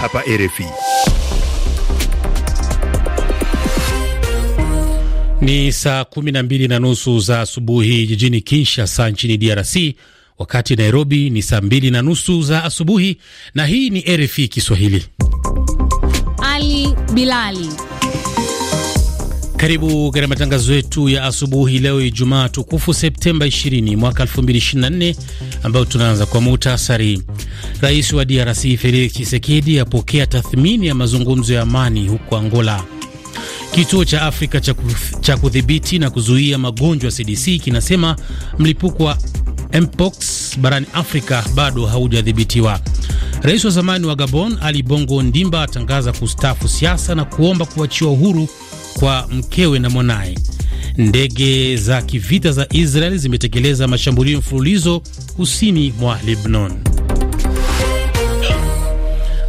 hapa RFI. Ni saa kumi na mbili na nusu za asubuhi jijini Kinshasa nchini DRC, wakati Nairobi ni saa mbili na nusu za asubuhi. Na hii ni RFI Kiswahili. Ali Bilali karibu katika matangazo yetu ya asubuhi leo Ijumaa tukufu Septemba 20 mwaka 2024, ambayo tunaanza kwa muhtasari. Rais wa DRC Felix Tshisekedi apokea tathmini ya mazungumzo ya amani huko Angola. Kituo cha Afrika cha kudhibiti na kuzuia magonjwa CDC kinasema mlipuko wa mpox barani Afrika bado haujadhibitiwa. Rais wa zamani wa Gabon Ali Bongo ndimba atangaza kustafu siasa na kuomba kuachiwa uhuru kwa mkewe na mwanaye. Ndege za kivita za Israel zimetekeleza mashambulio mfululizo kusini mwa Lebanon.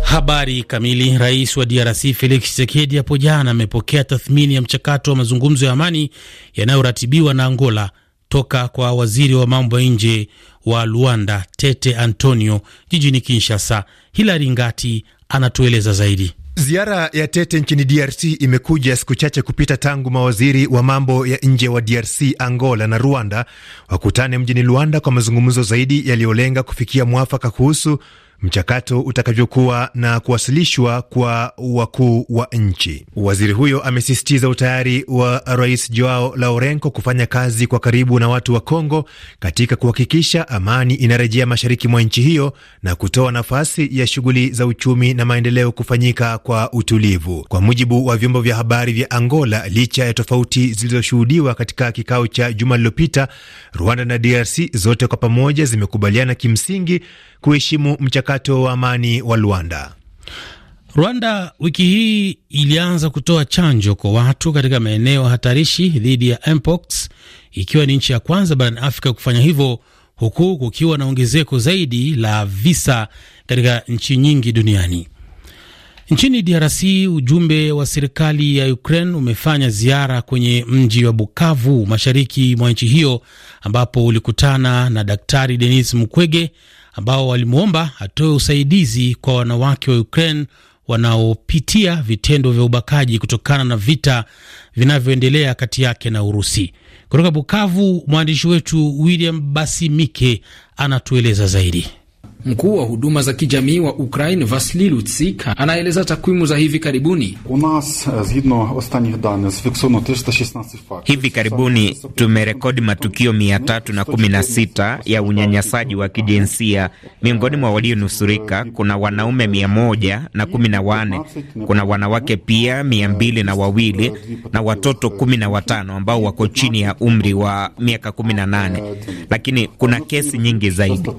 Habari kamili. Rais wa DRC Felix Tshisekedi hapo jana amepokea tathmini ya mchakato wa mazungumzo ya amani yanayoratibiwa na Angola toka kwa waziri wa mambo ya nje wa Luanda Tete Antonio jijini Kinshasa. Hilari Ngati anatueleza zaidi. Ziara ya Tete nchini DRC imekuja siku chache kupita tangu mawaziri wa mambo ya nje wa DRC, Angola na Rwanda wakutane mjini Luanda kwa mazungumzo zaidi yaliyolenga kufikia mwafaka kuhusu mchakato utakavyokuwa na kuwasilishwa kwa wakuu wa nchi. Waziri huyo amesisitiza utayari wa Rais Joao Lourenco kufanya kazi kwa karibu na watu wa Kongo katika kuhakikisha amani inarejea mashariki mwa nchi hiyo na kutoa nafasi ya shughuli za uchumi na maendeleo kufanyika kwa utulivu. Kwa mujibu wa vyombo vya habari vya Angola, licha ya tofauti zilizoshuhudiwa katika kikao cha juma lililopita, Rwanda na DRC zote kwa pamoja zimekubaliana kimsingi kuheshimu mchakato wa amani wa Luanda. Rwanda wiki hii ilianza kutoa chanjo kwa watu katika maeneo hatarishi dhidi ya mpox, ikiwa ni nchi ya kwanza barani Afrika kufanya hivyo, huku kukiwa na ongezeko zaidi la visa katika nchi nyingi duniani. Nchini DRC, ujumbe wa serikali ya Ukraine umefanya ziara kwenye mji wa Bukavu, mashariki mwa nchi hiyo, ambapo ulikutana na Daktari Denis Mukwege ambao walimwomba atoe usaidizi kwa wanawake wa Ukraine wanaopitia vitendo vya ubakaji kutokana na vita vinavyoendelea kati yake na Urusi. Kutoka Bukavu, mwandishi wetu William Basimike anatueleza zaidi. Mkuu wa huduma za kijamii wa Ukraine Vasili Lutsik anaeleza takwimu za hivi karibuni. Eh, hivi karibuni tumerekodi matukio 316 ya unyanyasaji wa kijinsia. Miongoni mwa walionusurika kuna wanaume 114, kuna wanawake pia 202 na watoto 15 ambao wako chini ya umri wa miaka 18, lakini kuna kesi nyingi zaidi.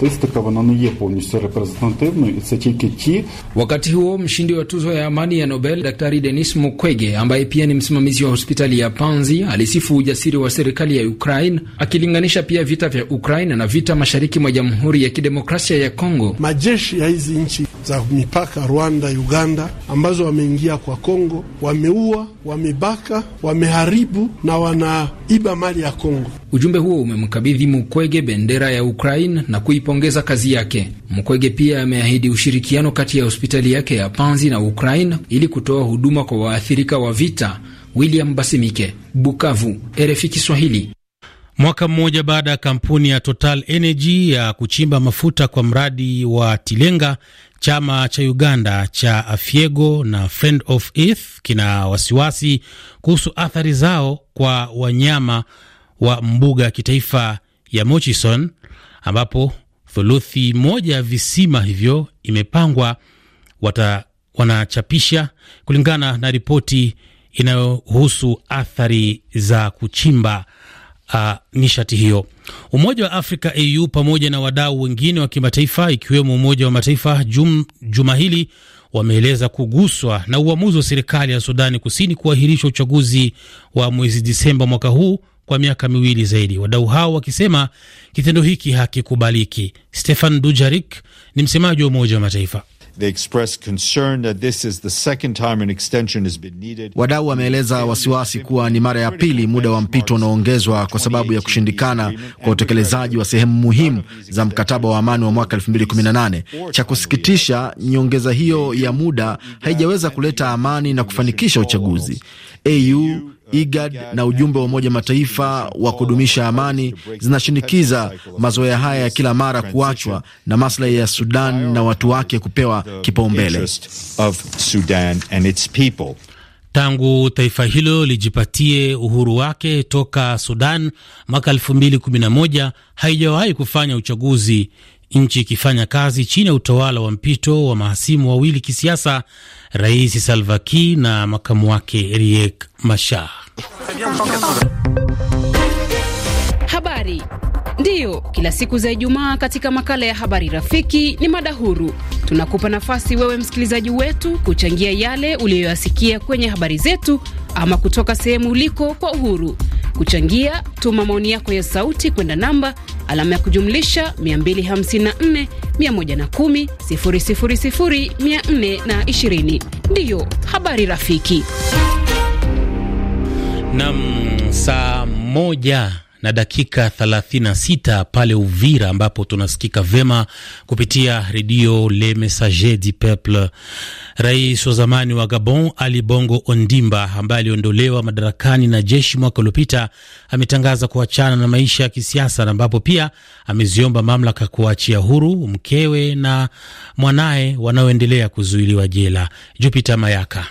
Wakati huo mshindi wa tuzo ya amani ya Nobel Daktari Denis Mukwege ambaye pia ni msimamizi wa hospitali ya Panzi alisifu ujasiri wa serikali ya Ukraine akilinganisha pia vita vya Ukraine na vita mashariki mwa Jamhuri ya Kidemokrasia ya Kongo. Majeshi ya hizi nchi za mipaka Rwanda, Uganda ambazo wameingia kwa Kongo, wameua, wamebaka, wameharibu na wanaiba mali ya Kongo. Ujumbe huo umemkabidhi Mukwege bendera ya Ukraine na kuipongeza kazi yake. Mukwege pia ameahidi ushirikiano kati ya hospitali yake ya Panzi na Ukraine ili kutoa huduma kwa waathirika wa vita. William Basimike, Bukavu, RFI Kiswahili. Mwaka mmoja baada ya kampuni ya Total Energy ya kuchimba mafuta kwa mradi wa Tilenga Chama cha Uganda cha Afiego na Friend of Earth kina wasiwasi kuhusu athari zao kwa wanyama wa mbuga ya kitaifa ya Murchison ambapo thuluthi moja ya visima hivyo imepangwa wata, wanachapisha kulingana na ripoti inayohusu athari za kuchimba uh, nishati hiyo. Umoja wa Afrika AU pamoja na wadau wengine wa kimataifa ikiwemo Umoja wa Mataifa jum, juma hili wameeleza kuguswa na uamuzi wa serikali ya Sudani Kusini kuahirisha uchaguzi wa mwezi Disemba mwaka huu kwa miaka miwili zaidi, wadau hao wakisema kitendo hiki hakikubaliki. Stefan Dujarik ni msemaji wa Umoja wa Mataifa. They concern that this is the second time an extension has been needed. Wadau wameeleza wasiwasi kuwa ni mara ya pili muda wa mpito unaoongezwa kwa sababu ya kushindikana kwa utekelezaji wa sehemu muhimu za mkataba wa amani wa mwaka 2018. Cha kusikitisha, nyongeza hiyo ya muda haijaweza kuleta amani na kufanikisha uchaguzi. AU, IGAD na ujumbe wa Umoja Mataifa wa kudumisha amani zinashinikiza mazoea haya ya kila mara kuachwa na maslahi ya Sudan na watu wake kupewa kipaumbele. Tangu taifa hilo lijipatie uhuru wake toka Sudan mwaka 2011 haijawahi kufanya uchaguzi nchi ikifanya kazi chini ya utawala wa mpito wa mahasimu wawili kisiasa, Rais Salva Kiir na makamu wake Riek Machar. Habari ndiyo kila siku za Ijumaa katika makala ya habari rafiki ni mada huru. Tunakupa nafasi wewe msikilizaji wetu kuchangia yale uliyoyasikia kwenye habari zetu ama kutoka sehemu uliko kwa uhuru. Kuchangia, tuma maoni yako ya sauti kwenda namba alama ya kujumlisha 254 110 000 420. Ndiyo habari rafiki. Nam, saa moja na dakika 36 pale Uvira, ambapo tunasikika vema kupitia redio Le Messager du Peuple Rais wa zamani wa Gabon Ali Bongo Ondimba, ambaye aliondolewa madarakani na jeshi mwaka uliopita, ametangaza kuachana na maisha ya kisiasa, na ambapo pia ameziomba mamlaka kuachia huru mkewe na mwanaye wanaoendelea kuzuiliwa jela. Jupita Mayaka,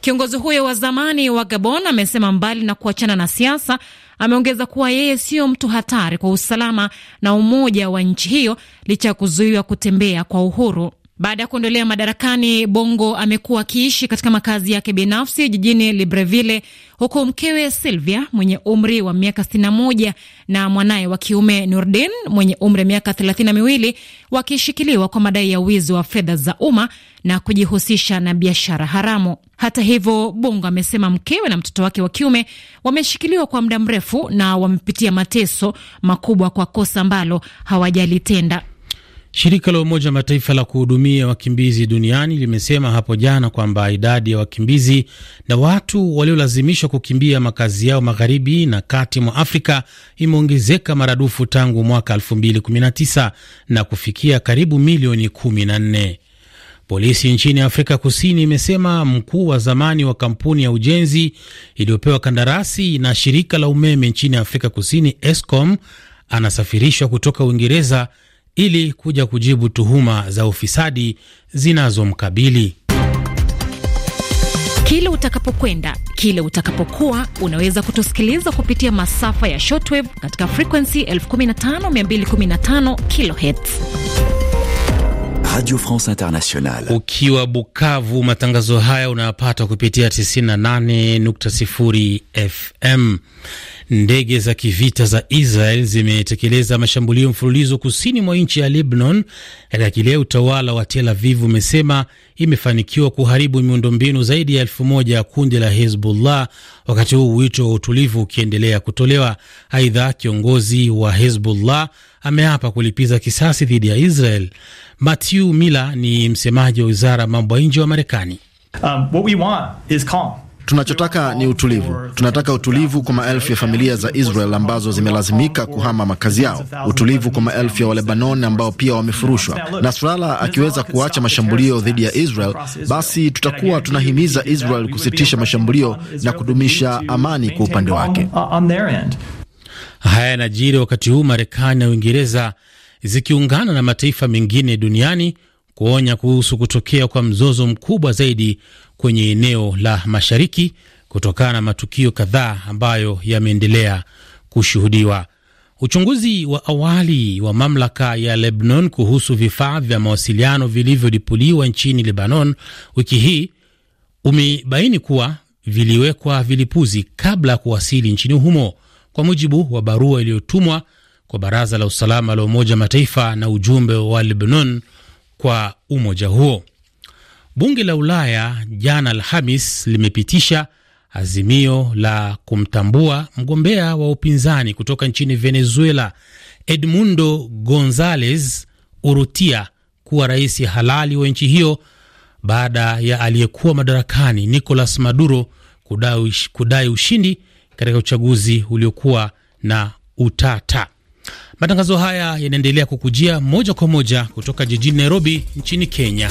kiongozi huyo wa zamani wa Gabon, amesema mbali na kuachana na siasa ameongeza kuwa yeye siyo mtu hatari kwa usalama na umoja wa nchi hiyo licha ya kuzuiwa kutembea kwa uhuru. Baada ya kuondolea madarakani, Bongo amekuwa akiishi katika makazi yake binafsi jijini Libreville, huku mkewe Silvia mwenye umri wa miaka 61 na mwanaye wa kiume Nurdin mwenye umri wa miaka 32 wakishikiliwa kwa madai ya wizi wa fedha za umma na kujihusisha na biashara haramu. Hata hivyo, Bongo amesema mkewe na mtoto wake wa kiume wameshikiliwa kwa muda mrefu na wamepitia mateso makubwa kwa kosa ambalo hawajalitenda. Shirika la Umoja wa Mataifa la kuhudumia wakimbizi duniani limesema hapo jana kwamba idadi ya wakimbizi na watu waliolazimishwa kukimbia makazi yao magharibi na kati mwa Afrika imeongezeka maradufu tangu mwaka 2019 na kufikia karibu milioni 14. Polisi nchini Afrika Kusini imesema mkuu wa zamani wa kampuni ya ujenzi iliyopewa kandarasi na shirika la umeme nchini Afrika Kusini Eskom anasafirishwa kutoka Uingereza ili kuja kujibu tuhuma za ufisadi zinazomkabili. Kile utakapokwenda kile utakapokuwa, unaweza kutusikiliza kupitia masafa ya shortwave katika frekuensi 15215 kilohertz. Radio France Ukiwa Bukavu, matangazo haya unayapata kupitia 98.0 FM. Ndege za kivita za Israel zimetekeleza mashambulio mfululizo kusini mwa nchi ya Lebanon, katika kile utawala wa Tel Aviv umesema imefanikiwa kuharibu miundombinu zaidi ya elfu moja ya kundi la Hezbollah, wakati huu wito wa utulivu ukiendelea kutolewa. Aidha, kiongozi wa Hezbollah ameapa kulipiza kisasi dhidi ya Israel. Matthew Miller ni msemaji wa wizara ya mambo ya nje wa Marekani. Um, what we want is calm. Tunachotaka ni utulivu. Tunataka utulivu kwa maelfu ya familia za Israel ambazo zimelazimika kuhama makazi yao, utulivu kwa maelfu ya Walebanon ambao pia wamefurushwa. Nasrala akiweza kuacha mashambulio dhidi ya Israel, basi tutakuwa tunahimiza Israel kusitisha mashambulio na kudumisha amani kwa upande wake. Haya yanajiri wakati huu Marekani na Uingereza zikiungana na mataifa mengine duniani kuonya kuhusu kutokea kwa mzozo mkubwa zaidi kwenye eneo la mashariki kutokana na matukio kadhaa ambayo yameendelea kushuhudiwa. Uchunguzi wa awali wa mamlaka ya Lebanon kuhusu vifaa vya mawasiliano vilivyolipuliwa nchini Lebanon wiki hii umebaini kuwa viliwekwa vilipuzi kabla ya kuwasili nchini humo, kwa mujibu wa barua iliyotumwa kwa Baraza la Usalama la Umoja Mataifa na ujumbe wa Lebanon kwa umoja huo. Bunge la Ulaya jana Alhamis limepitisha azimio la kumtambua mgombea wa upinzani kutoka nchini Venezuela Edmundo Gonzalez Urrutia kuwa rais halali wa nchi hiyo baada ya aliyekuwa madarakani Nicolas Maduro kudai, kudai ushindi katika uchaguzi uliokuwa na utata. Matangazo haya yanaendelea kukujia moja kwa moja kutoka jijini Nairobi nchini Kenya.